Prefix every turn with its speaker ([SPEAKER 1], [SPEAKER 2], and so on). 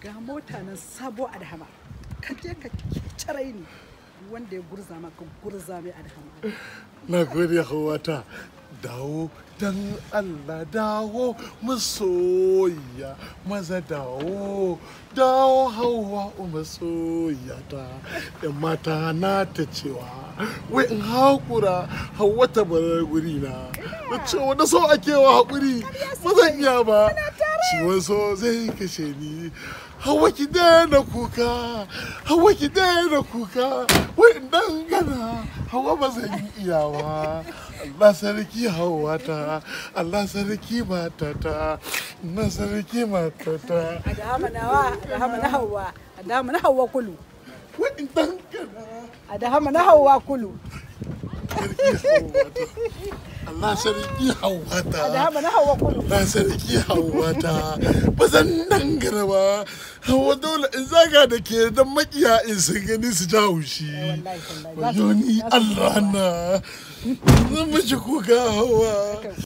[SPEAKER 1] ga mota nan sabo adhama ka je ka cirai ni wanda ya gurza maka gurza mai adhama
[SPEAKER 2] na gode hawata dawo dan Allah dawo masoya maza dawo dawo hawa masoya ta yan mata na ta cewa wai in haƙura hawa ta bar guri na na cewa na so akewa haƙuri ba iya ba ciwon so zai kashe ni hawa ki daina kuka hawa ki daina kuka wai dan gana hawa ba zan yi iyawa Allah sarki hawa ta Allah sarki mata ta na sarki mata ta
[SPEAKER 3] adama nawa adama na hawa na hawa kulu wai dan gana adama na hawa kulu Allah sarki
[SPEAKER 2] hauwata na sarki hauwata ba zan dangana ba hawa dole in zaga da ke dan makiya in su gani su ja haushi eh, yoni Allah na zan mace kuka hawa